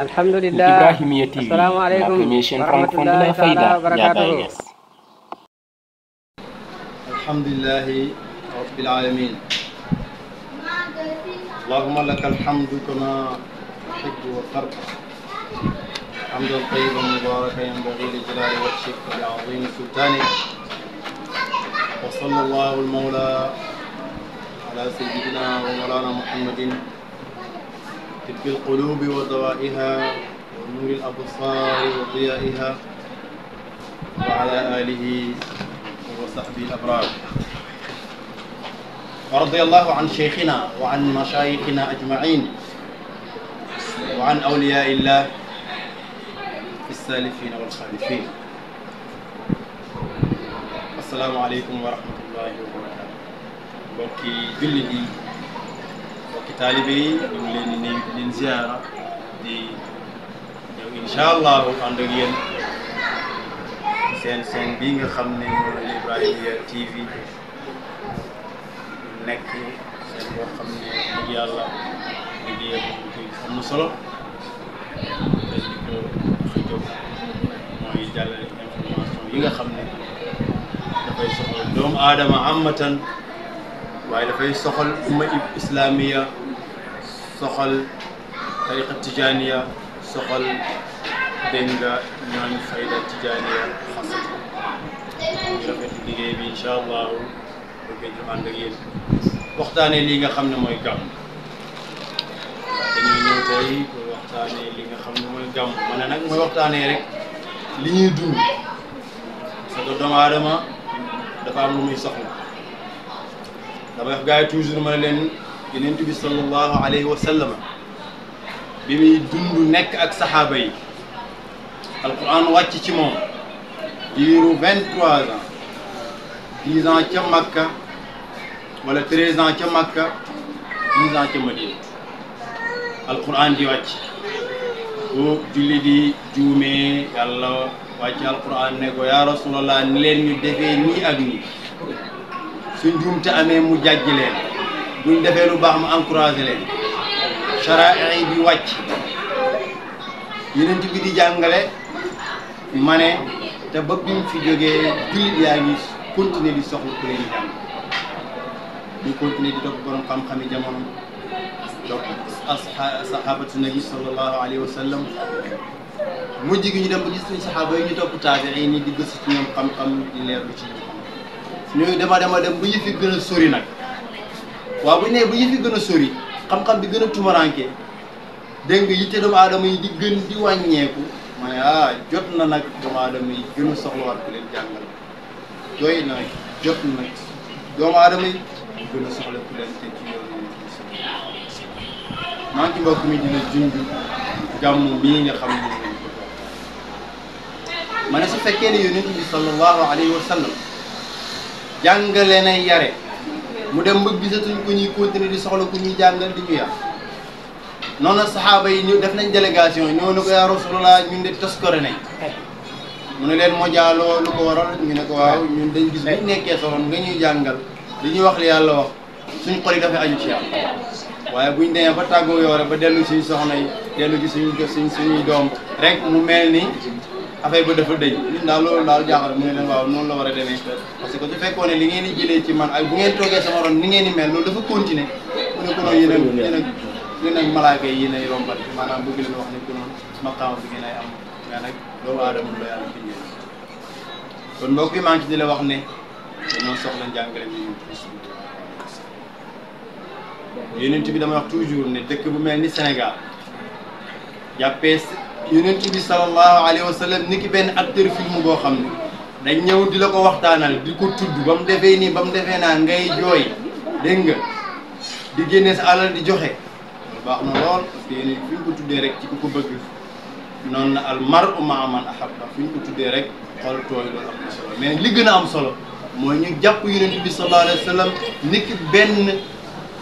الحمد لله إبراهيم السلام عليكم ورحمة الله فايدة وبركاته الحمد لله رب العالمين اللهم لك الحمد كما تحب وترضى الحمد الطيب المبارك ينبغي لجلال وجهك ولعظيم سلطانك وصلى الله المولى على سيدنا ومولانا محمد طب القلوب ودوائها ونور الأبصار وضيائها وعلى آله وصحبه الأبرار ورضي الله عن شيخنا وعن مشايخنا أجمعين وعن أولياء الله السالفين والخالفين السلام عليكم ورحمة الله وبركاته mbokki جلدي mbokki taalibe yi ñu ngi leen di nuyu di leen ziara di ñëw incha allahu ànd ak yéen seen seen bii nga xam ne mooy Ibrahimya TV nekk seen boo xam ne dëgg yàlla liggéeyam bu am na solo te di ko xëjoo mooy jàllale information yi nga xam ne dafay soxal doomu aadama amatan waaye dafay soxal umma islamiya سخل طريقة تجانية سخل دينغا نوني نعم، فايدة تجانية خاصة رفيت لي إن شاء الله وكيد رمان دقيل وقتاني اللي غا خمنا موي جام دنيو نيو تاي وقتاني اللي غا خمنا موي جام مانا نك موي وقتاني ريك لي ني دو سادو دوم ادم دا فا موي سخل دا باي خ غاي توجور مانا لين ينتبه صلى الله عليه وسلم بمي دند نك اك صحابي القران واتي تي موم ديرو 23 ans 10 ans تي مكه ولا 13 ans تي مكه 10 ans تي مدينه القران دي واتي و جولي دي جومي يالا واتي القران نيكو يا رسول الله نلين ني ديفي ني اك ني سون جومتي امي مو جاجي buñ defee lu baax ma encouragé leen charaa bi di wàcc yeneen bi di jàngale ma ne te bi ñu fi jógee jullit yaa ngi continuer di soxla ku leen jàng ñu continuer di topp borom xam-xami jamono topp saxaabatu nabi sallallahu alayhi wa sallam mujj gi ñu dem ba gis suñu saxaaba yi ñu topp taabi'i ni di gëstu ci ñoom xam-xam di leerlu ci ñoom ñooyu dama dema dem bu ñu fi gën sori nag waaw bu ñu nee bu yëf gën a sori xam-xam bi gën a tumuraanke dégg nga yitte doomu aadama yi di gën di wàññeeku may ah jot na nag doomu aadama yi gën na jot na doomu aadama gën a soxla ku leen teg ci yoon maa ngi ci mbokk mi dina junj gàmm mii nga xam ne ma ne su fekkee ne yonent bi sallallahu alayhi wa sallam jàngale na yare mu dem ba gisatuñ ku ñuy continuer di soxla ku ñuy jàngal di ñu yàq noonu saxaaba yi ñu def nañ délégation ñoo ne ko yaa Rasulullah ñun de toskore nañ mu ne leen moo jaaloo lu ko waral ñu ne ko waaw ñun dañ gis buñ nekkee soloon nga ñuy jàngal li ñuy wax li yàlla wax suñ xol yi dafa aju ci yàlla waaye buñ demee ba tàggoo yoore ba dellu suñu soxna yi dellu ci suñu suñ suñuy doom rek mu mel ni affaire ba dafa dëj ñun daal loolu daal jaaxal mu ne leen waaw noonu la war a demee parce que su fekkoon li ngeen di jëlee ci man ak bu ngeen toogee sama ron ni ngeen di mel loolu dafa continuer mu ne ko noonu yi yéen ay rombal maanaam bëgg leen wax ne ko noonu maqaama bi ngeen ay am mais nag doomu kon mbokk yi maa ci di wax ne dañoo soxla njàngale bi ñu yonent bi dama wax toujours ne dëkk bu mel ni Sénégal jàppee yonent bi sallallahu alayhi wa sallam ni ki benn acteur film boo xam ne dañ ñëw di la ko waxtaanal di ko tudd ba mu defee nii ba mu defee naa ngay jooy dégg nga di génne sa alal di joxe baax na lool parce que yéen fi tuddee rek ci ku ko bëgg noonu na al mar'u ma'a man ahabba fi ñu tuddee rek xol tooy mais li gën a am solo mooy ñu jàpp yonent bi sallallahu alayhi wa ni ki benn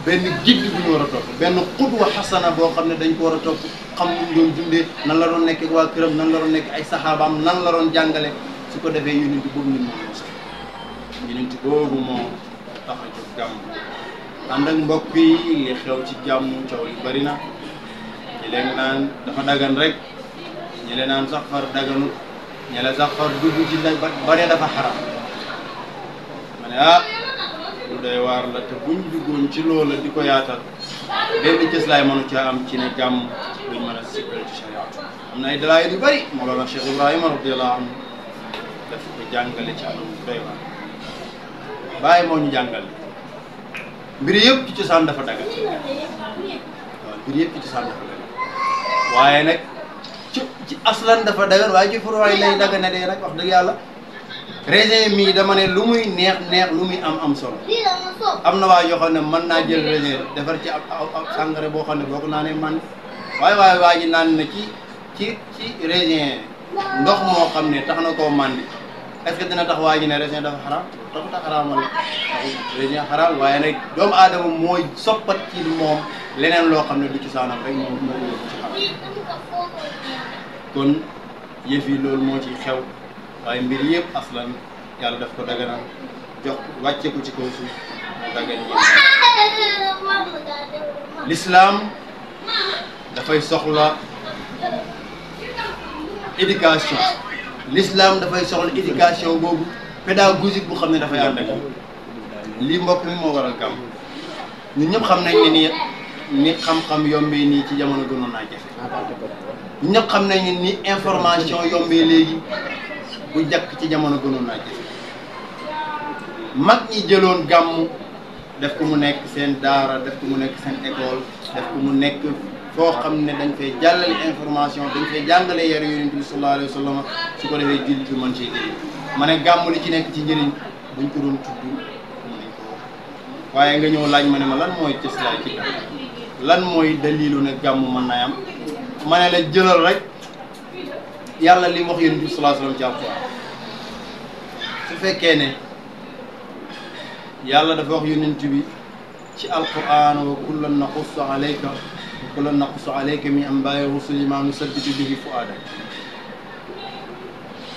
benn guide bu ñu war a topp benn xudwa xasana boo xam ne dañ ko war a topp xam ñu doon dundee nan la doon nekkee waa këram nan la doon nekk ay saxaabaam nan la doon jàngale su ko defee yonent boobu ñun moo mos tax a jóg jàmm ànd ak mbokk yi xew ci jàmm coow li bari na ñi leen naan dafa dagan rek ñi leen naan sax far daganut ñi la sax far dugg ci nag bare dafa xaram ma ne ah lu doy waar la te buñ duggoon ci loola di ko yaatal benn cëslaay mënu ci am ci ne jàmm luñ mën a sikkal ci chariat am na ay dalaay yu bëri moo loola Cheikh Ibrahima radiyallahu anhu daf ko jàngale ci ñu jàngal mbir yëpp ci cosaan dafa daga waaw mbir yëpp ci cosaan dafa daga waaye nag ci ci aslan dafa dagan waaye ci furuwaay daga ne dee nag wax dëgg yàlla raisin mii dama ne lu muy neex neex lu muy am am sol am na waa yoo xam ne mën naa jël raisin defar ci ab sàngara boo xam ne boo ko naanee man waaye waaye waa ji naan na ci ci ci raisin ndox moo xam ne tax na koo màndi est-ce que dina tax waa ji ne raisin dafa xaraam taxut a xaraam waaye nag doomu aadama mooy soppat ci moom leneen loo xam ne du ci saanam rek moom moo kon yëf loolu moo ci xew waaye mbir yëpp aslan yàlla daf ko daganal jox wàcce ko ci kaw suuf mu dafay soxla éducation l'islam dafay soxla éducation boobu pédagogique bu xam ne dafay ànd ak lii mbokk mi moo waral kam ñun ñëpp xam nañ ne nii ni xam-xam yombee nii ci jamono gënoon naa jafe ñun ñëpp xam nañ ne ni information yombee léegi bu njëkk ci jamono gënoon naa jëf mag ñi jëloon gàmmu def ko mu nekk seen daara def ko mu nekk seen école def ko mu nekk foo xam ne dañ fay jàllale information dañ fay jàngale yar yonent bi sallallahu alayhi wa sallam su ko defee jullit bi mën cee jëriñ ma ne gàmmu li ci nekk ci njëriñ buñ ko doon tudd waaye nga ñëw laaj ma ne ma lan mooy cëslaay ci gàmm lan mooy dalilu ne gàmm mën naa am ma ne la jëlal rek يلا اللي مخ ينبي صلى الله عليه وسلم جاب فوق فكينة يلا دفوق ينتبي في القرآن وكل نقص عليك وكل نقص عليك من أنباء رسل ما نسدد به فؤادك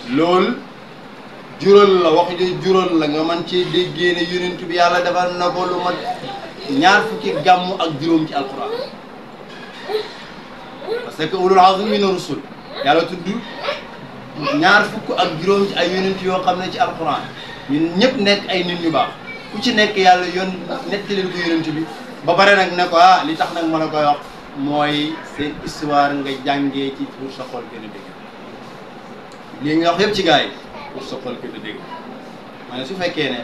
لول جرن لا وقت جرن لا غمان تي دي ген يونت بي يالا دافال نكو لو ما ñaar fukki gamu ak juroom ci alquran parce que ulul azmin rusul yàlla tudd ñaar fukk ak juróom ci ay yonent yoo xam ne ci alxuraan ñun ñëpp nekk ay nit ñu baax ku ci nekk yàlla yoon netti leen ko yonent bi ba pare nag ne ko ah, li tax nag ma la koy mooy seen histoire nga ci pour sa xol gën wax yëpp ci yi pour sa xol gën su fekkee ne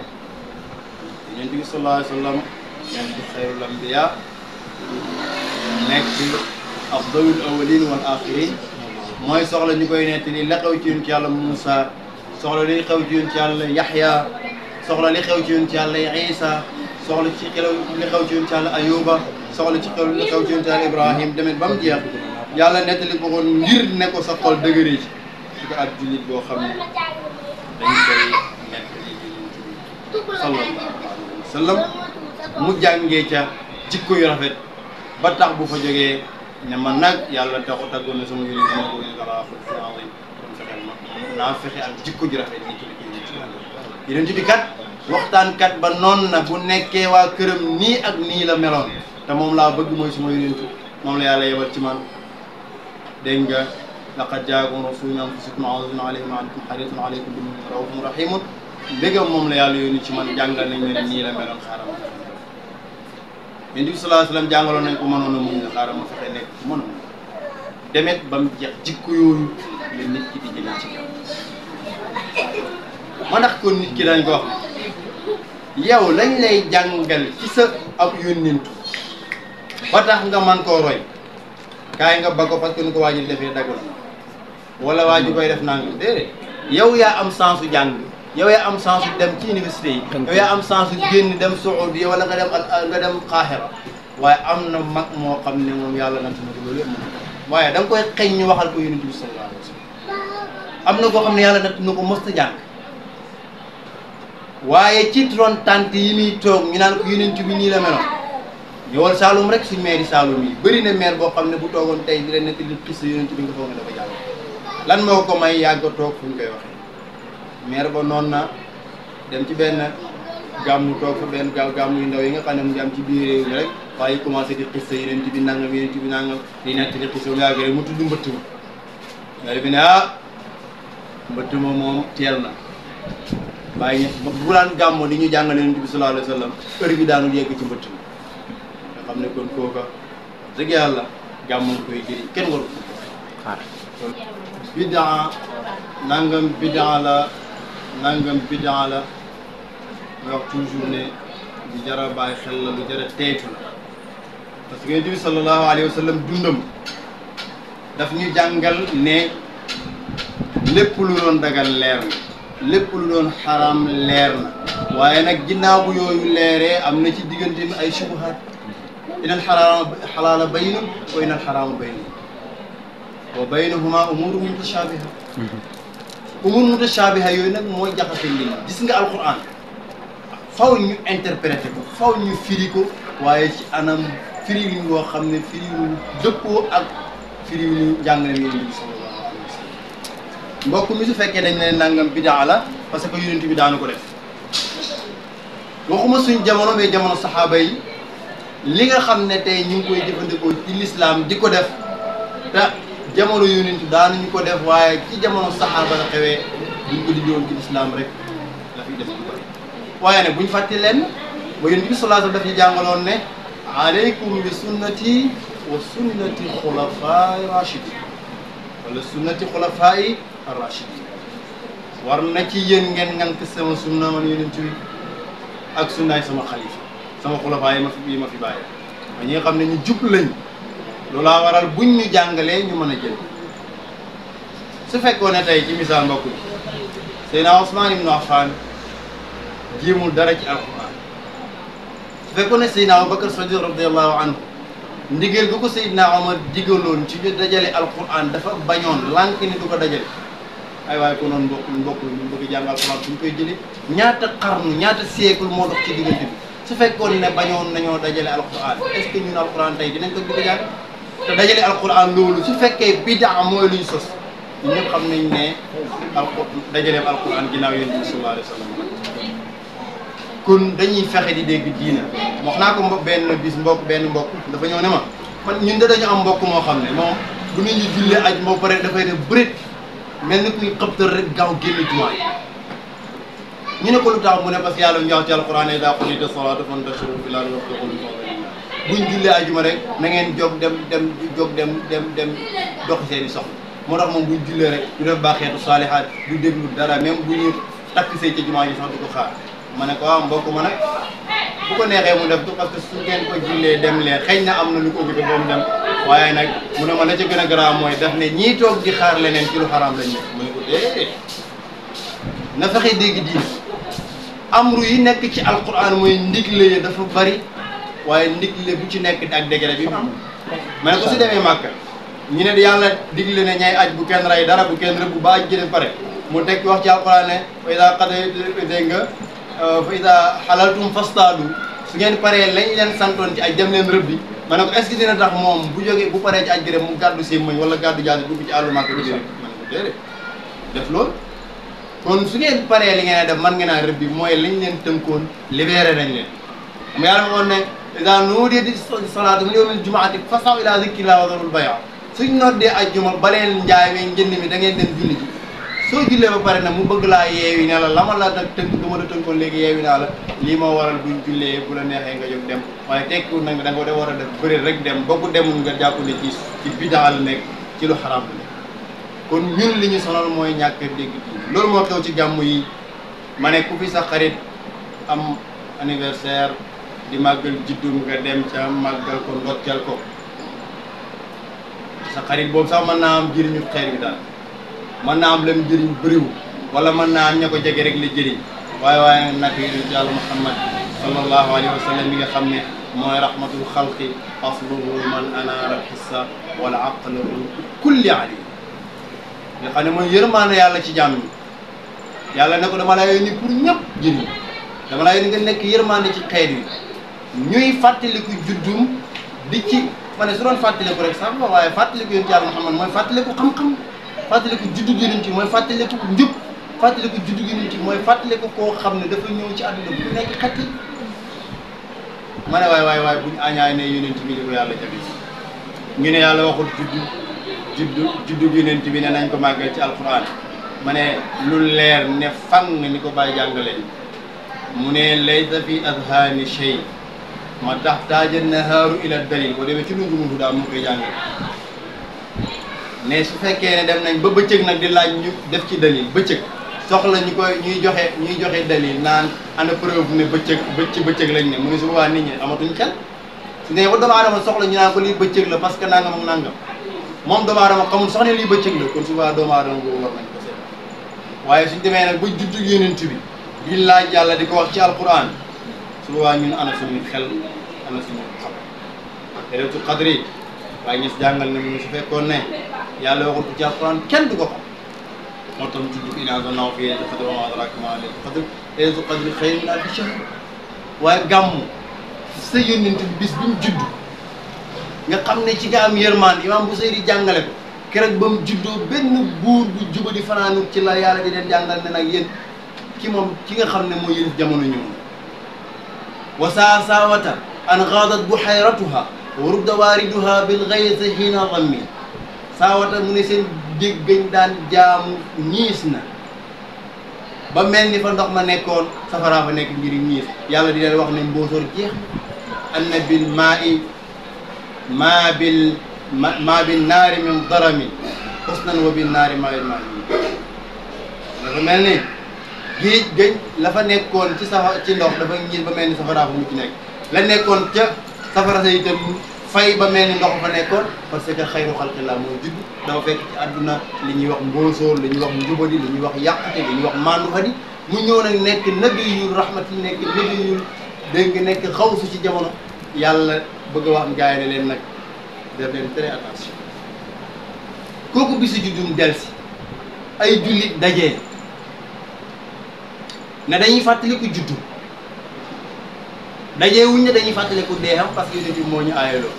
yonent bi sallallahu alayhi wa sallam yonent bi xayrul mooy soxla ñu koy nettali la xew ci yonent yàlla Moussa soxla li xew ci yonent yàlla Yaxya soxla li xew ci yonent yàlla Isa soxla ci xew li xew ci yonent Ayuba soxla ci xew li xew ci yonent yàlla Ibrahim demet ba mu jeex yàlla nettali ko kon ngir ne ko sa xol dëgëri ci su ko ab jullit boo xam ne dañ sallam mu jàngee ca jikko yu rafet ba tax bu fa jógee ne man nag yàlla taxu tàggoon na sama yële yi ma ko ne damaa ko si en ligne kon fexeel ma naa fexe ak jikko ju rafet yi ci liggéey ci yàlla yeneen bi kat waxtaankat ba noonu na bu nekkee waa këram nii ak nii la meloon te moom laa bëgg mooy suma yonentu moom la yàlla yebal ci man dégg nga laqad jaakum rasulun anfusikum azizun alayhim ankum harisun alaykum bi rahmatullahi rahimun mbégam moom la yàlla yónni ci man jàngal nañ leen nii la meloon xaaral yonent bi sallallahu jàngaloon nañ ko mënoon a muñ la xaaral ma fexe nekk ku a muñ demet ba mu jeex jikko yooyu la nit ki di jëlee ci kaw moo tax kon nit ki dañ ko wax yow lañ lay jàngal ci sa ab yónnentu ba tax nga man koo roy kaay nga ba ko parce que ko waajur defee dagg la wala waajur koy def nangam déedéet yow yaa am sensu jàng yow yaa am chance dem ci université yi. yow yaa am chance génn dem Saoudi wala nga dem ah, nga dem Qahira waaye am na mag moo xam ne moom yàlla na ko loolu yëpp waaye da nga xëy ñu waxal ko yonent bi na koo xam ne yàlla na ko mos a jàng ci ron tànt yi toog ñu naan ko yonent bi nii la meloon rek suñ maire yi yi bëri na maire boo xam ne bu toogoon tey di leen nekk di xis yonent bi ne dafa jàng lan moo ko may yàgg toog fu ñu koy waxee. maire ba noon na dem ci benn gàmmu toog fa benn gaaw gàmmu yu ndaw yi nga xam ne mu ngi am ci biir réew mi rek waaye commencé di xista yeneen bi nangam yeneen ci bi nangam di nett di xista mu yàgg rek mu tudd mbëtt ma maire bi ne ah mbëtt ma moom teel na bàyyi ñett bu daan gàmmu di ñu jàngale yonent bi sallallahu alayhi bi daanul yegg ci mbëtt ma nga xam ne kon kooka dëgg yàlla gàmmu koy jëriñ kenn waru ko xaar bidaa la nangam bidaa la muy wax toujours ne lu jar a bàyyi xel parce que yonent bi sallallahu alayhi dundam daf ñu jàngal ne lépp lu doon dagal leer na lépp lu waaye nag ginnaaw bu yooyu leeree am na ci diggante bi ay subuhaat inal xalaala xalaala bayyinun wa inal xaraama bayyinun wa baynahuma umuurun mutashaabih mm-hmm. umur mutashabiha yooyu nag mooy jaxase nit ñi gis nga alquran faw ñu interpréter ko faw ñu firi ko waaye ci anam firi yu ñu xam ne firi yu dëppoo ak firi yu ñu jàngale yonent bi sallallahu alayhi wa sallam su fekkee dañ ne nangam bidaa la parce que yonent bi daanu ko def waxuma suñ jamono mais jamono saxaaba yi li nga xam ne tey ñu ngi koy jëfandikoo ci lislaam di ko def jamono yonent daanuñu ko def waaye ci jamono saxaaba la xewee buñ ko dindi woon ci lislaam rek la fi def dugal waaye ne buñ fàtte leen ba yonent bi sallallahu alayhi wa sallam daf ñu jàngaloon ne aleykum bi sunnati wa sunnati xulafaa rachidi wala sunnati xulafaa rachidi war na ci yéen ngeen ngànk sama sunna man yonent bi ak sunnaay sama xalifa sama xulafaa yi ma fi bàyyi ma ñi xam ne ñu jub lañ loolaa waral buñ ñu jàngalee ñu mën a jënd su fekkoon ne tey ci misaal mbokk bi Seydina Ousmane mu Affan jéemul dara ci alquran su fekkoon ne Seydina Abubakar Sadiq radiallahu anhu ndigal bu ko Seydina Omar digaloon ci ñu dajale alquran dafa bañoon lànk ni du ko dajale ay waaye ko noonu mbokk mbokk ñu bëgg jàng koy jëlee ñaata xarnu ñaata siècle moo dox ci diggante bi su fekkoon ne bañoon nañoo dajale alquran est ce que ñun alquran tey dinañ ko bëgg a te dajale alquran loolu su fekkee bidaa mooy luñ sos ñëpp xam nañ ne alqu dajaleem alquran ginnaaw yonent bi sallallahu kon dañuy fexe di dégg diina wax naa ko mbo benn bis mbokk benn mbokk dafa ñëw ne ma ñun da dañu am mbokk moo xam ne moom bu ñu jullee aj moo pare dafay def bërit mel ni kuy xëptal rek gaaw génn jumaa ñu ne ko lu tax mu ne parce que yàlla ñu wax ci alquran ida qudiyati salaatu fantashiru fil ardi wabtagu bu buñ jullee ajuma rek nangeen ngeen jóg dem dem jóg dem dem dem doxi seen i soxla moo tax moom buñ jullee rek du def baaxeetu saalihaat du déglu dara même bu ñu takk sëy ca jumaa ji sax du ko xaar ma ko waaw ah, mbokk ma nag bu ko def ko parce ngeen ko jullee dem leen xëy na am na lu ko occupé ba mu nag mu ne ma la mooy daf ne ñii toog di xaar leneen ci lu xaraam lañ nekk ne ko déedéet na fexe dégg diin amru yi nekk ci alquran mooy ndigle yi dafa bari waaye ndigle bu ci nekk ak degré bi mu ma ne ko si demee màkk ñu ne yàlla digle ne ñay aj bu kenn rey dara bu kenn rëbb ba aj jëlee pare mu teg wax ci alxuraan ne fa idaa qadaytum dégg nga fa idaa xalaltum fastaadu su ngeen paree lañ leen santoon ci aj dem leen rëbbi ma ne ko est-ce tax moom bu jógee bu paree ci aj gi rek mu gàddu seen mëñ wala gàddu jaasi dugg ci àllu màkk bi déedéet ma ko déedéet def loolu kon su ngeen paree li ngeen def man ngeen a rëbbi mooy lañ leen tënkoon libéré nañ leen idaa nuudiya di salaatu min yawmil jumaati fasaw ilaa zikrillaah wa zarul bay' suñ noddee ajjuma baleen njaay mi njënd mi da ngeen dem soo jullee ba pare nag mu bëgg laa yeewi ne la la ma la nag tënk du ma la tënkoon naa la lii moo waral buñ jullee bu la neexee nga jóg dem waaye tekkiwul nag da nga da war a def bëri rek dem ba ku demul nga jàpp ne ci ci bidaa la nekk ci lu xaraam la kon ñun li ñu sonal mooy ñàkk dégg loolu moo xew ci gàmm yi ma ne ku fi sa xarit am anniversaire di màggal juddum nga dem ca màggal ko ndokkeel ko sa xarit boobu sax mën naa am jëriñu xeer bi daal mën naa am lam jëriñ bëriwu wala mën naa am ña ko jege rek la jëriñ waaye waaye nag yonent yàlla muhammad sallallahu alayhi wa sallam nga xam ne mooy rahmatul xalqi asluhu man anaara xissa wala aqlahu kulli ali nga xam ne mooy yërmaane yàlla ci jàmm yi yàlla ne ko dama laa yónni pour ñëpp jëriñ dama laa yónni nga nekk yërmaane ci xeet yi ñuy fàttaliku juddum di ci ma ne su doon fàttaliku rek sax la waaye fàttaliku yonent yàlla Muhammad mooy fàttaliku xam-xam fàttaliku juddu yonent yi mooy fàttaliku njub fàttaliku juddu yonent yi mooy fàttaliku koo xam ne dafa ñëw ci àdduna bu nekk xetti ma ne waay waaye waay buñu añaay ne yonent bi li ko yàlla jabi ñu ne yàlla waxul juddu juddu juddu yonent bi ne nañ ko màggal ci alquran ma ne lu leer ne fang ni ko bàyyi jàngale mu ne laysa fi azhani shay ma tax taaja nahaaru ila dalil boo demee ci dungu mundu daal mu koy ne su fekkee ne dem nañ ba bëccëg nag di laaj ñu def ci dalil bëccëg soxla ñu koy ñuy joxe ñuy joxe dalil naan ana preuve ne bëccëg ci bëccëg lañ ne mu ne su boobaa nit ñi amatuñ xel su dee ba doomu aadama soxla ñu naan ko lii bëccëg la parce que nangam ak nangam moom doomu aadama xamul sax ne bëccëg la kon su doomu aadama boobu war nañ ko seet waaye suñ demee nag ba juddu ko wax ci alquran su boobaa ñun ana suñu xel ana suñu xam leelatul xadri yi waaye ñu si mu su fekkoon ne yàlla waxul ci alxuraan kenn du ko xam moo tax mu tudd inaa zone naw fii leelatul xadri wa maa na bi shahr waaye gàmmu sa yónnent bi bis bi mu judd nga xam ne ci nga am yërmaan imaam bu sëy di jàngale ko keroog ba mu juddoo benn buur bu juba di fanaanu ci la yàlla di leen jàngal ne nag yéen ki moom ki nga xam ne mooy yéen jamono ñoom وساساوة أنغاضت بحيرتها ورد واردها بالغيث حين ضمي ساوة منسين ديغن دان جام نيسنا با ملني فا ندوخ ما نيكون سفرا فا نيك ندير نيس يالا دي دال واخ ني مبوسور جيخ ان بالماء ما بال ما بالنار من ضرم حسنا وبالنار ما الماء ما ملني géej géej la fa nekkoon ci safa ci ndox dafa ba mel ni safaraa fa mucc nekk la nekkoon ca safara sa itam fay ba mel ni ndox fa nekkoon parce que xayru xalqi la mooy judd dafa fekk ci àdduna li ñuy wax mbóosóor li ñuy wax njubadi li ñuy wax yàqate li ñuy wax maandu xadi mu ñëw nag nekk nabi yu rahmati nekk nabi yu dégg nga nekk xawsu ci jamono yàlla bëgg a wax gaay ne leen nag def leen très attention kooku bisu juddum delsi ay jullit dajee ne dañuy fàttaliku juddu dajee wuñ ne dañuy fàttaliku deexam parce que yonent moo ñu aayaloo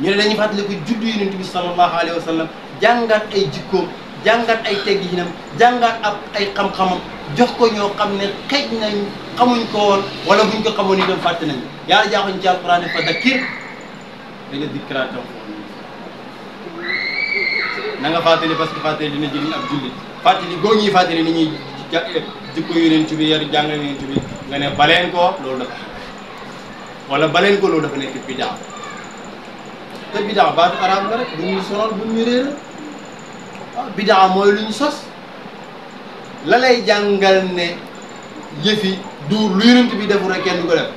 ne dañuy fàttaliku juddu yonent bi sallallahu alayhi wa sallam jàngat ay jikkoom jàngat ay tegginam jàngat ak ay xam-xamam jox ko ñoo xam ne xëj nañ xamuñ ko woon wala buñ ko xamoon itam fàtte nañ yàlla jaaxuñ ci alquran fa dakkir danga dikra tam na nga fàttali parce que fàttali dina jëriñ ab jullit fàttali góor ñuy fàttali ni ñuy jikko yonent bi yar jàng yonent bi nga ne baleen ko loolu dafa wala baleen ko loolu dafa nekk bidaa te bidaa baatu arab la rek bu ñu sonal bu ñu réer ah, bidaa mooy lu ñu sos la lay jàngal ne yëfi du lu yonent bi defu rek kenn du ko def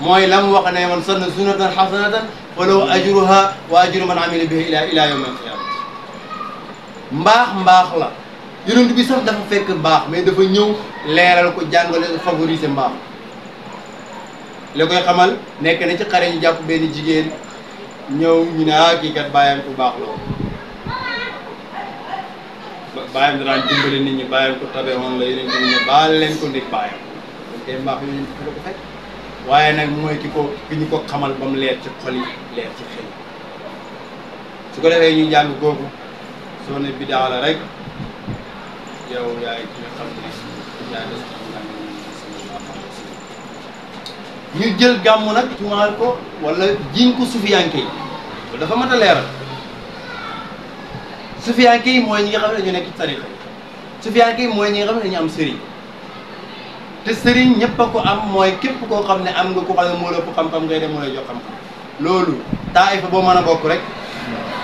mooy la mu wax ne man sann sunnatan xasanatan walaw ajruha wa ajru man amila bihi ila ila yawm alqiyama mbaax mbaax la yonent bi sax dafa fekk mbaax mais dafa ñëw leeral ko jàngale favoriser mbaax li koy xamal nekk na ci xare ñu jàpp benn jigéen ñëw ñu ne ah kii kat bàyyam ku baax la woon bàyyam da daan dimbale nit ñi bàyyam ko tabe woon la yonent bi ne baal leen ko ndig bàyyam mbaax yonent bi ko fekk nag mooy ki ko ko xamal ba leer ci xol yi leer ci xel su ko defee ñu jàng googu soo ne bidaa la rek yow ñu jël gàmm nag tuumaal ko wala jiñ ko sufiyanke yi dafa mat a leeral sufiyanke yi mooy ñi nga xam ne nekk ci tarixa sufiyanke yi mooy ñi nga xam ne dañu am sëriñ te sëriñ ñëpp a ko am mooy képp koo xam ne am nga ko xam ne moo la ëpp xam-xam ngay dem moo lay jox xam-xam loolu taayifa boo mën a bokk rek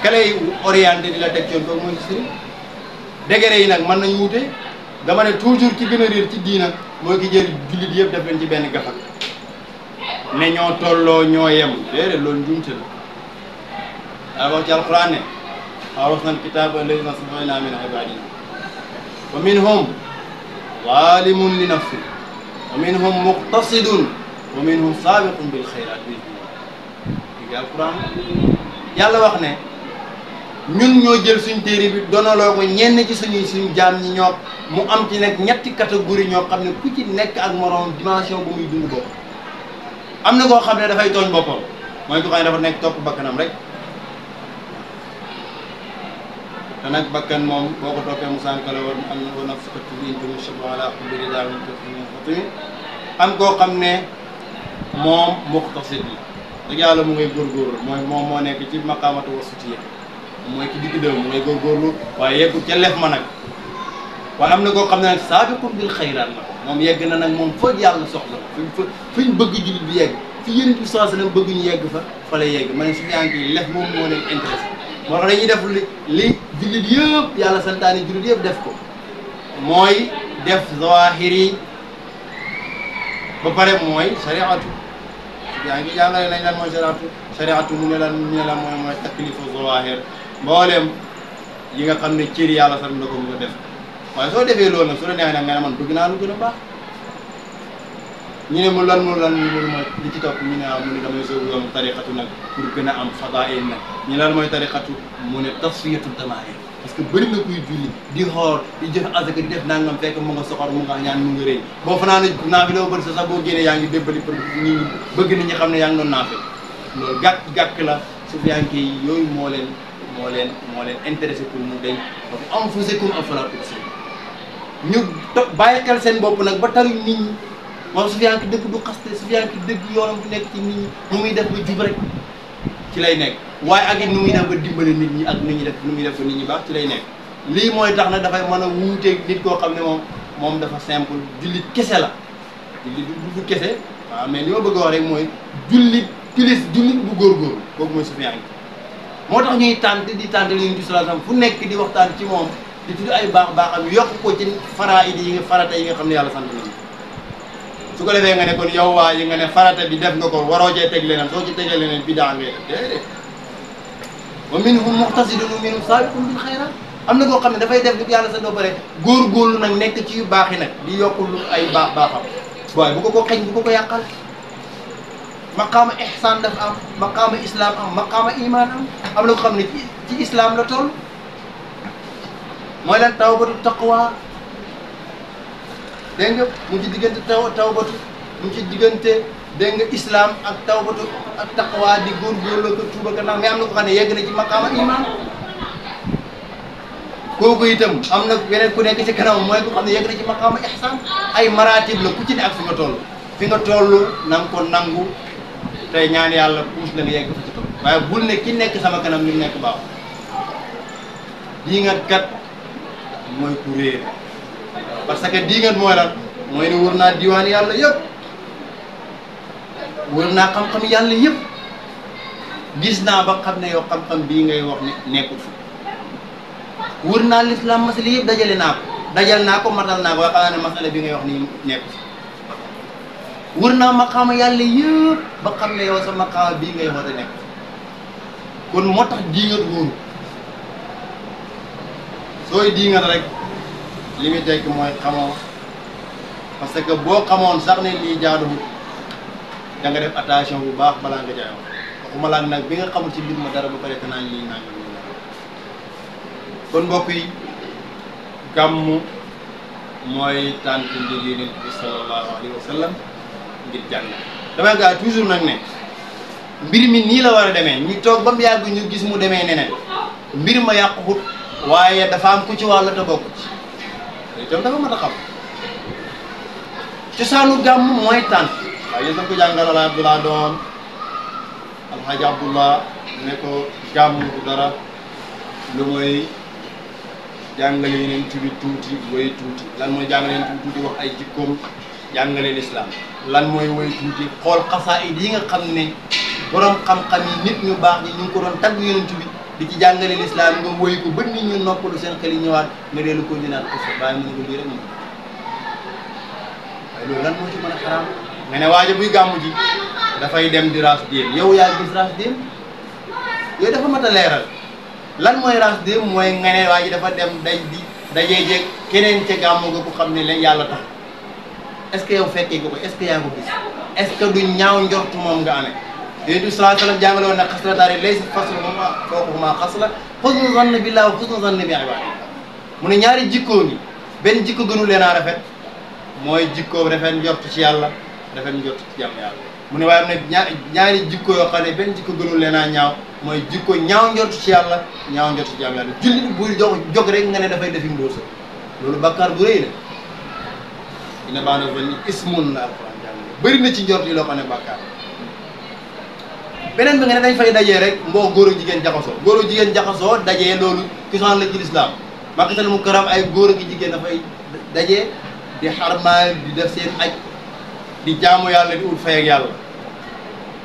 ka lay orienté di la teg yoon boobu mooy sëriñ degré yi nak man nañ wuté dama né toujours ki gëna a ci diina moy ki jël julit yëpp def leen ci benn gafak né ño tollo ño yem dédé lool njumté la daa wax ci alquran ne awrasna alkitaba nasbuna safaynaa min ibadi wa minhum zalimun li nafsi wa minhum muqtasidun wa minhum sabiqun bil xayrat bi alcorane yalla wax né ñun ñoo jël suñ téere bi donaloo ko ñenn ci suñuy suñu jaam ñi ñoo mu am ci nag ñetti catégorie ñoo xam ne ku ci nekk ak moroom dimension bu muy dund ko am na koo xam ne dafay tooñ boppam mooy ko xam dafa nekk topp bakkanam rek te nag bakkan moom boo ko toppee mu sànq la war am am koo xam ne moo ko tax sit bi dëgg yàlla mu ngay góorgóorlu mooy moom moo nekk ci maqaamatu wasutiya mooy ci digg dëw mooy góorgóorlu waaye yeggul ca lef ma nag waaye am na koo xam ne nag saabiqun bil xayraat la ko moom yegg na nag moom foo yàlla soxla fuñ fa fuñ bëgg jullit bi yegg fi yéen bi sens la bëgg ñu yegg fa fa la yegg ma ne suñu yaa ngi lef moom moo leen intéressé moo yàlla santaane jullit yëpp def ko def zawahiri ba mooy shariatu yaa ngi jàngale nañ lan mooy shariatu ne lan mooy mooy taklifu zawahir mbooleem yi nga xam ne cër yàlla sax na ko mu def waaye soo defee loolu nag su la neexee nag nga ne man bëgg naa lu gën a ñu ne mu lan mu lan mu li ci topp ñu ne ah mu ne damay soog gën am fadaa'il nag ñu lan mooy tariqatu mu ne tasfiyatu damaa'ir parce que bëri na kuy julli di xoor di jëf asaka di def nangam fekk mu nga soxor mu nga ñaan mu nga rëy boo fanaan naafi loo bëri sax boo génnee yaa ngi débbali pour ñi bëgg nit ñi xam ne yaa ngi doon naafi loolu gàkk gàkk la su yaa ngi yooyu moo leen moo leen moo leen intéressé pour mu dañ am anfusakum afalaa tubsiruun ñu to bàyyi xel seen bopp nag ba taruñ nit ñi moom Soufiane dëkk dëgg du xaste Soufiane ki dëgg yoonam bu nekk ci nit ñi nu muy def ba jub rek ci lay nekk waaye ak it nu muy def ba dimbale nit ñi ak nu ñuy def nu muy def ba nit ñi baax ci lay nekk lii mooy tax na dafay man a wuuteeg nit koo xam ne moom moom dafa simple jullit kese la jullit du kese waaw mais li ma bëgg a wax rek mooy jullit kilis bu góorgóorlu kooku mooy Soufiane ki moo tax ñuy tànt di tànt li ñu sallallahu alayhi wasallam fu nekk di waxtaan ci moom di tudd ay baax baaxam yokk ko ci faraa'id yi nga farata yi nga xam ne yàlla sant nañu su ko defee nga ne kon yow waa yi nga ne farata bi def nga ko waroo cee teg leneen soo leneen bidaa ngay def déedéet wa minhum muqtasidun wa minhum saabiqun bil xayraat am na koo xam ne dafay def lu yàlla sa doo pare góorgóorlu nag nekk ci yu baax yi nag di yokk ay baax baaxam waaye bu ko ko xeñ bu ko ko yàqal maqaama ihsaan dafa am maqaama islam am a iman am am na ko xam ne ci islam la toll mooy lan tawbatu taqwa dégg nga mu ci diggante taw tawbatu mu ci diggante dégg nga islam ak tawbatu ak taqwa di góorgóorlu ko tuuba ko ndax mais am na ko xam ne yegg na ci maqaama iman kooku itam am na yeneen nekk ci kanam mooy ko xam ne yegg na ci maqaama ihsaan ay maratib la ku ci ne ak fi nga toll fi nga toll na ko nangu tey ñaan yàlla puus la nga yegg fa ci waaye bul ne ki nekk sama kanam li mu nekk baaxul diingat kat mooy ku réer parce que diingat mooy lan mooy ne wër naa diwaan yàlla yëpp wër naa xam-xam yàlla yëpp gis naa ba xam ne yow xam-xam bii ngay wax ne nekkul fi wër naa lislaam masala yëpp dajale naa ko dajal naa ko matal naa ko waaye xam ne masala bi ngay wax nii nekkul wër naa maqaama yàlla yëpp ba xam ne yow sa maqaama bii ngay war a nekk kon moo tax diingat wóoru sooy diingat rek li muy tekk mooy xamoo parce que boo xamoon sax ne lii jaaduwul da nga def attention bu baax balaa nga jaay wax nag bi nga xamul ci mbir ma dara ba pare te naan lii naan kon mbokk gàmmu mooy tànt njëriñ bi sallallahu alayhi wa ngir jàng damay gaa toujours nag ne mbir mi nii la war a demee ñu toog ba mu yàgg ñu gis mu demee neneen mbir ma yàquwut waaye dafa am ku ci wàll te bokku ci itam dafa mën a xam cosaanu gàmm mooy tànk waaye yéen tam ko jàngal abdullah doon alxaaji abdullah ne ko gàmm bu dara lu mooy jàngale yeneen tuuti tuuti way tuuti lan mooy jàngale yeneen tuuti tuuti wax ay jikkoom jàngale lislaam lan mooy woy tuuti xool xasaayid yi nga xam ne borom xam-xam yi nit ñu baax ñi ñu ngi ko doon tagg yonent di ci jàngale lislaam nga woy ko ba nit ñu noppalu seen xel yi ñëwaat nga dellu ko dinaat ko sa bàyyi mu ne ko lii rek ñu waaye loolu lan moo ci ne waaja buy gàmmu ji dafay dem di raas yow yaa gis raas déem yooyu dafa mat lan mooy raas déem mooy nga ne waa dafa dem day di dajee jeeg keneen ca gàmmu nga ko xam ne la yàlla tax est-ce que yow fekkee nga ko est-ce que yaa ko gis est du ñaaw njort moom nga amee yonent bi sallallahu alayhi wa sallam jàngale woon nag xasla daari laysa faslu ma foofu ma xasla xusnu zann billaahi wa xusnu zann bi ibaadi mu ne ñaari jikkoo ni benn jikko gënu leen a rafet mooy jikkoo rafet njort ci yàlla rafet njort ci jàmm yàlla mu ne waaye nag ñaar ñaari jikko yoo xam ne benn jikko gënu leen a ñaaw mooy jikko ñaaw njort ci yàlla ñaaw njort ci jàmm yàlla jullit buy jox jóg rek nga ne dafay defi mbóosa loolu bàkkaar inna ba'da zanni ismun la alquran na ci njort yi loo xam ne bàkkaar beneen bi nga ne fay dajee rek mboo góor ak jigéen jaxasoo góor ak jigéen jaxasoo dajee loolu cosaan la ci mu karam ay góor ak jigéen dafay dajee di xarmaal di def seen aj di jaamu yàlla di ut fay ak yàlla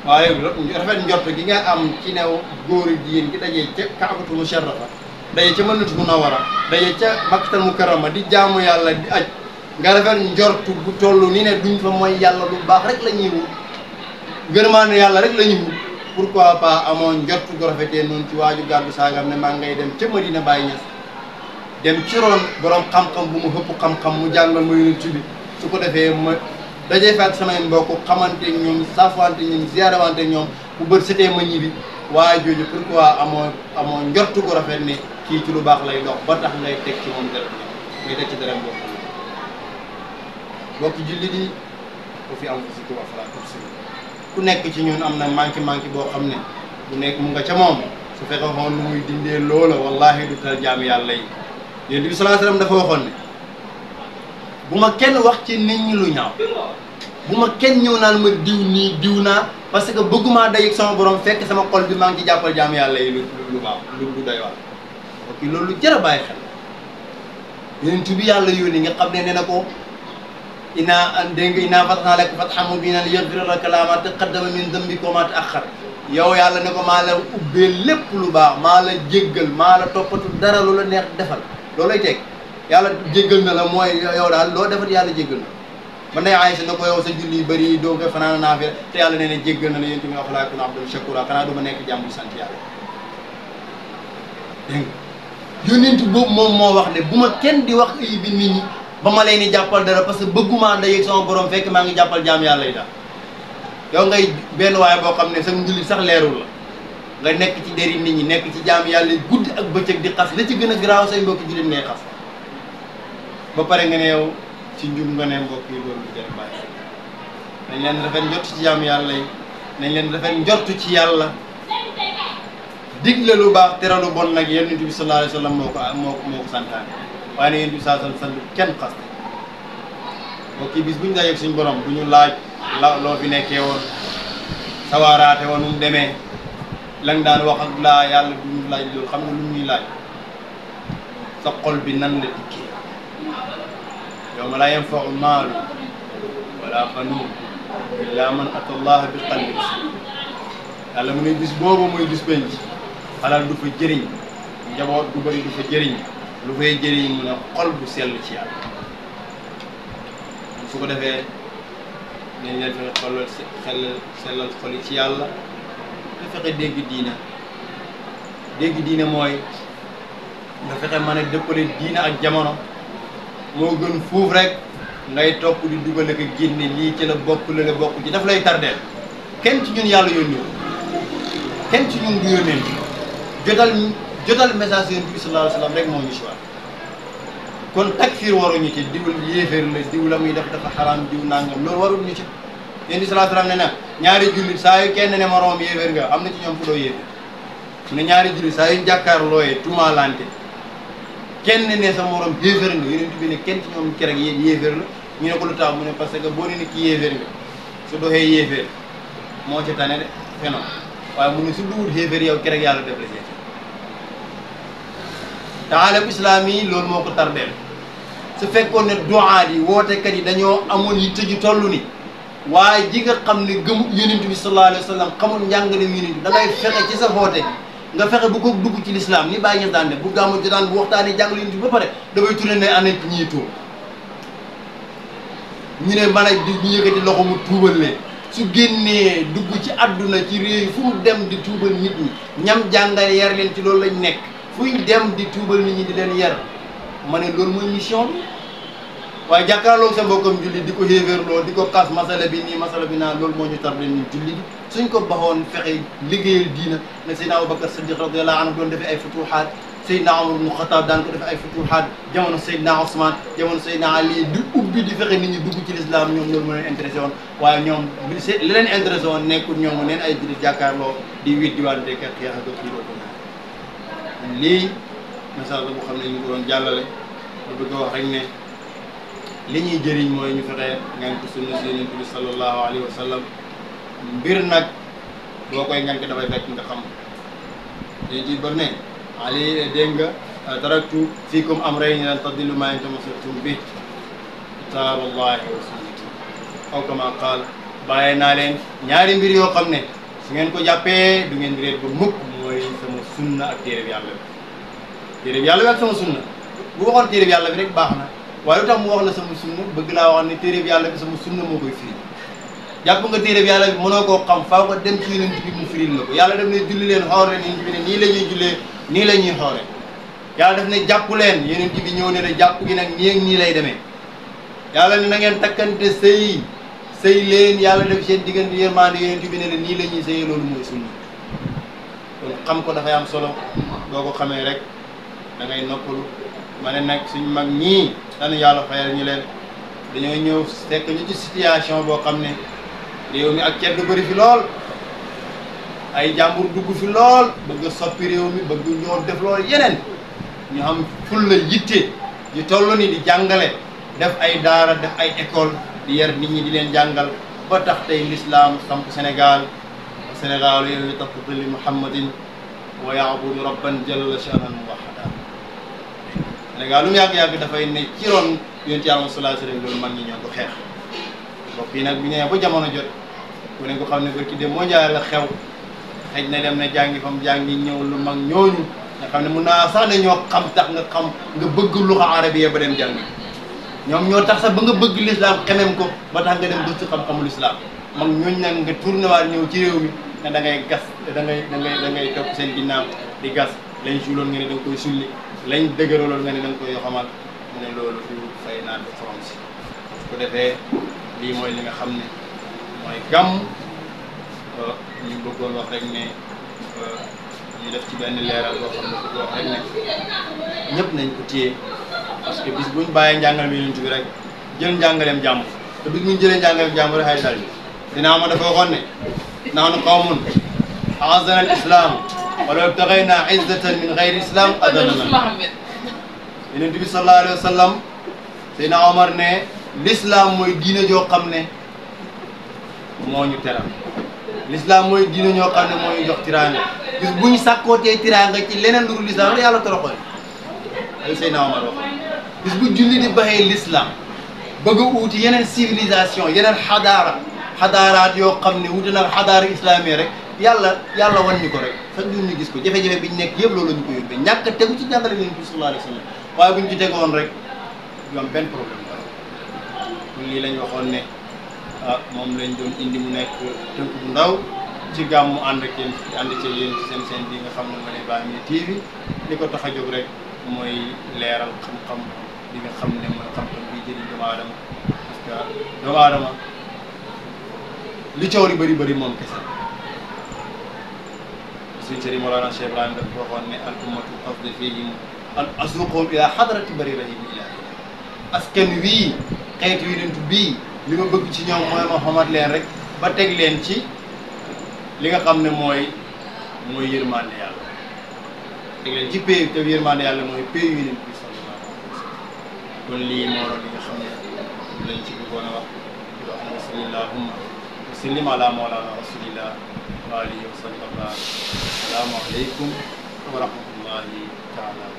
waaye rafet njort gi nga am ci new góor ak jigéen gi dajee ca kaabatu musharrafa dajee ca mënatu munawwara dajee ca makkatal mu di jaamu yàlla di aj nga rafet njortu bu toll ni ne duñ fa mooy yàlla lu baax rek la ñuy wut ne yàlla rek la ñuy wut pourquoi amoon njortu gu rafetee noonu ci waaju gàddu saagam ne maa ngay dem ca Madina Baye Niass dem ci roon borom xam-xam bu mu xëpp xam-xam mu jàngal ma yonent bi su ko defee ma dajee fekk samay mbokk xamante ñoom saafante ñoom ziyarawante ñoom bu bët setee ma ñibbi waaye jooju pourquoi amoo amoo rafet ne kii ci lu baax lay dox ba tax ngay teg ci moom dërëm ngay teg ci dërëm boobu bokki jullit yi ku fi am fisi ko afala tafsir ku nekk ci ñun am na manqué manqué boo xam ne bu nekk mu nga ca moom su fekkee xool nu muy dindee loola wallahi du tal jaam yàlla yi waxoon ne bu ma kenn wax ci nit lu ñaaw ma kenn ñëw naan ma diw nii diw naa parce que bëgguma day sama borom fekk sama xol bi maa ngi jàppal jaam yàlla lu baax lu lu doy waar ok loolu lu bàyyi xel yonent bi yàlla yónni nga xam ne nee na ko inaa dégg nga inaa fatahna laka fathan mubiinan liyaghfira laka maa taqaddama min dambika wa maa ta'akhkhar yow yàlla ne ko maa la ubbee lépp lu baax maa la jéggal maa la toppatu dara lu la neex defal loolay teg yàlla jéggal na la mooy yow daal loo defal yàlla jéggal na man day Aysa ne ko yow sa julli yu bëri doo ko fanaan naafila te yàlla nee na jéggal na la yéen tamit afalaa akuunu abdan shakuuraa xanaa du ma nekk jàmm bu sant yàlla dégg boobu moom moo wax ne bu kenn di wax ayib ba ma leen di jàppal dara parce que bëgguma ànd yëg sama borom fekk maa ngi jàppal jaam yàlla yi yow ngay benn waaye boo xam ne sa sax leerul nga ci deri nit ñi ci jaam ak di xas la ci gën a garaaw say mbokki jullit ngay xas ba pare nga ne yow ci njum nga ne mbokk yi loolu jar bàyyi nañ leen rafet njort ci jaam yàlla nañ leen rafet ci digle lu baax bon bi sallallahu alayhi waaye na yéen bi saa san sant kenn xaste mbokk yi bis bu ñu dajeeg suñu borom bu ñu laaj la loo fi nekkee woon sawaaraate woon nu mu demee lan daan wax ak laa yàlla bu ñu laaj loolu xam nga lu ñuy laaj sa xol bi nan la dikkee yow ma laa yanfau maalu wala banuun illaa man ata allah bi qalbin yàlla mu ne bis boobu mooy bis penc xalal du fa jëriñ njaboot du bëri du fa jëriñ lu koy jëriñ mu ne xol bu sell ci yàlla su ko defee nañ leen fexe xollal xel sellal xol yi ci yàlla nga fexe dégg diina dégg diina mooy nga fexe mën a dëppale diina ak jamono moo gën fuuf rek ngay topp di dugal ak génne lii ci la bokk la bokk ci daf lay tardeel kenn ci ñun yàlla yónni kenn ci ñun du yónneen jotal jotal message yonent bi sallallahu alayhi wa sallam rek moo ñu si war kon takfir waruñu ci diwul yéeféer la diw la muy def dafa xaraam diw nangam loolu warul ñu ci yonent bi sallallahu alayhi wa sallam ne na ñaari jullit saa yu kenn ne moroom yéeféer nga am na ci ñoom fu doo yéeféer mu ne ñaari jullit saa yu jàkkaarlooyee tuumaalante kenn ne sa moroom yéeféer nga yonent bi ne kenn ci ñoom kerek yéeféer la ñu ne ko lu tax ne parce que boo ne ni ki yéeféer nga su doxee yéeféer moo ci tane de fenoo waaye mu ne su duwul yéeféer yow kerek yàlla def la taalam islaam yi lool moo ko tardeel su fekkoon ne duaat yi wootekat yi dañoo amoon yi tëju toll ni waaye ji nga xam ne gëmut yonent bi sallallahu alayhi wa sallam xamul njàngaleem fexe ci sa woote nga fexe bu ko dugg ci lislaam ni bàyyi ngeen daan def bu gàmmu ci daan bu waxtaanee jàngale bi ba pare damay turne ne ana ñiy tuub ñu ne man ak di ñu mu tuubal leen su génnee dugg ci àdduna ci réew fu mu dem di tuubal nit ñi ñam jàngale yar leen ci loolu lañ nekk fuñ dem di tuubal nit ñi di leen yar ma ne loolu mooy mission bi waaye jàkkaarloog sa mbokkam julli di ko xéeféerloo di ko xas masala bi nii masala bi naa loolu moo ñu tarle ni julli bi suñ ko baxoon fexe liggéeyal diina ne Seydina Aboubacar Siddiq radiyallahu anhu doon defee ay futuhaat Seydina Omar mu Xataab daan ko def ay futuhaat jamono Seydina Ousmane jamono Seydina Ali di ubbi di fexe nit ñi dugg ci lislaam ñoom loolu moo leen intéressé woon waaye ñoom li leen intéressé woon nekkul ñoom neen ay julli jàkkaarloo di wit diwaan deka xeex ak kii lii message la bu xam ñu ko doon jàllale lu bëgg wax rek ne li ñuy jëriñ mooy ñu fexe ngeen ko sunna si bi sallallahu mbir ngeen ko dafay fekk nga xam dañ ci ali dégg taraktu fiikum amrayni lan tadillu ma in tamassaktum bi kitaaballahi wa sunnati aw kama qaal bàyyee naa ñaari mbir su ngeen ko du ngeen mukk mooy sama sunna ak téereb yàlla bi téereb yàlla bi ak sama sunna bu waxoon téereb yàlla bi rek baax na waaye lu tax mu wax la sama sunna bëgg naa wax ne téereb yàlla bi sama sunna moo koy firi jàpp nga téereb yàlla bi mënoo koo xam faaw nga dem ci yonent bi mu firil la ko yàlla daf ne julli leen xoore la ñuy jullee nii la ne jàpp leen yonent bi ñëw ne ne jàpp gi nag nii ak lay demee yàlla ne na ngeen takkante sëy sëy leen yàlla def seen diggante yërmande yonent bi ne ne nii la ñuy sëyee loolu mooy sunna kon xam ko dafay am solo boo ko xamee rek da ngay noppalu ma ne nag mag ñii dañu yàlla fayal ñu leen dañoo ñëw fekk ñu ci situation boo xam ne mi ak cedd bëri fi lool ay jàmbur dugg fi lool bëgg soppi réew mi bëgg ñoo def lool yeneen ñu am ful la yitte ñu toll ni di jàngale def ay daara def ay école di yar nit ñi di leen jàngal ba tax tey l'islam samp Sénégal yow yu taqdi li muhammadin wa yaabudu rabban jalla shanan waxada Sénégal lu mu yàgg-yàgg dafay ne ci ron yonent yàlla sallallahu alayhi wa sallam loolu mag ñi ñoo ko xeex mbokk yi nag bi nee ba jamono jot ku ne ko xam ne barki dem moo njaay la xew xëj na dem na jàngi fam jàngi ñëw lu mag ñooñu nga xam ne mun naa sax ñoo xam tax nga xam nga bëgg lu ba dem ñoo tax ba nga bëgg xemem ko ba tax nga dem xam mag ñooñ nga ci mi ne da ngay gas te ngay da ngay da ngay topp seen ginnaaw di gas lañ suuloon nga ne da koy sulli lañ dëgëraloon nga ne da nga koy xamal mu ne loolu fi fay naan du si bu defee lii mooy li nga xam ne mooy gàmm ñu bëggoon wax rek ne ñu def ci benn leeral boo xam ne bëgg wax ne ñëpp nañ ko téye parce que bis ñu bàyyee njàngale mi yonent bi rek jël njàngaleem jàmm te bis buñ jëlee njàngaleem jàmm rek ay dal bi dinaa ma dafa waxoon ne نحن قوم حازنا الاسلام ولو ابتغينا عزه من غير الاسلام قدرنا النبي صلى الله عليه وسلم سيدنا عمر نه الاسلام موي دين جو خامني مو ني الاسلام موي دين ньо خامني موي جوخ تيراني غيس بو ني ساكوتي تيرانغا تي لينن دور الاسلام يالا تروخو اي سيدنا عمر غيس بو جولي الاسلام بغا اوتي يينن سيفيليزاسيون حضاره xadaaraat yoo xam ne wuti nag xadaara islaamiya rek yàlla yàlla wan ñu ko rek sa ñun ñu gis ko jafe bi ñu nekk yëpp loolu la ñu ko yóbbee ñàkk a tegu ci jàngale yonent bi sallallahu alayhi wa sallam waaye buñ ci tegoon rek ñu am problème lii lañ waxoon ne ah moom lañ doon indi mu nekk tënk bu ndaw ci gàmmu ànd ak seen seen bi nga xam ne mooy Baye TV li ko tax a jóg rek mooy leeral xam-xam bi xam ne mooy xam-xam bi jëriñ doomu aadama parce que aadama li coow li bëri bëri moom kese suñ sëriñ Mawlana Cheikh Ibrahima daf ko waxoon ne al ummatu qasdi fihim an asluqoom ila xadrati bari rahim ilahi askan wii xeet wi nent bii li ma bëgg ci ñoom mooy ma xamat leen rek ba teg leen ci li nga xam ne mooy mooy yërmande yàlla teg leen ci pay te yërmande yàlla mooy pay yu nent bi sallallahu alayhi wa sallam kon lii moo doon li nga xam ne lañ ci bëggoon a wax yoo xam ne bismillahumma وسلم على مولانا رسول الله وآله وصحبه السلام عليكم ورحمة الله تعالى وبركاته